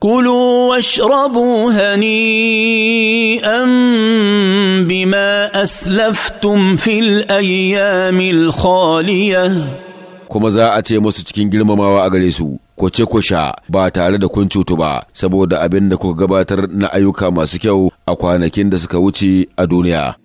كلوا واشربوا هنيئا بما اسلفتم في الايام الخاليه kuma za a ce musu cikin girmamawa a gare su ko ce ku sha ba tare da kun cutu ba saboda abin da kuka gabatar na ayyuka masu kyau a kwanakin da suka wuce a duniya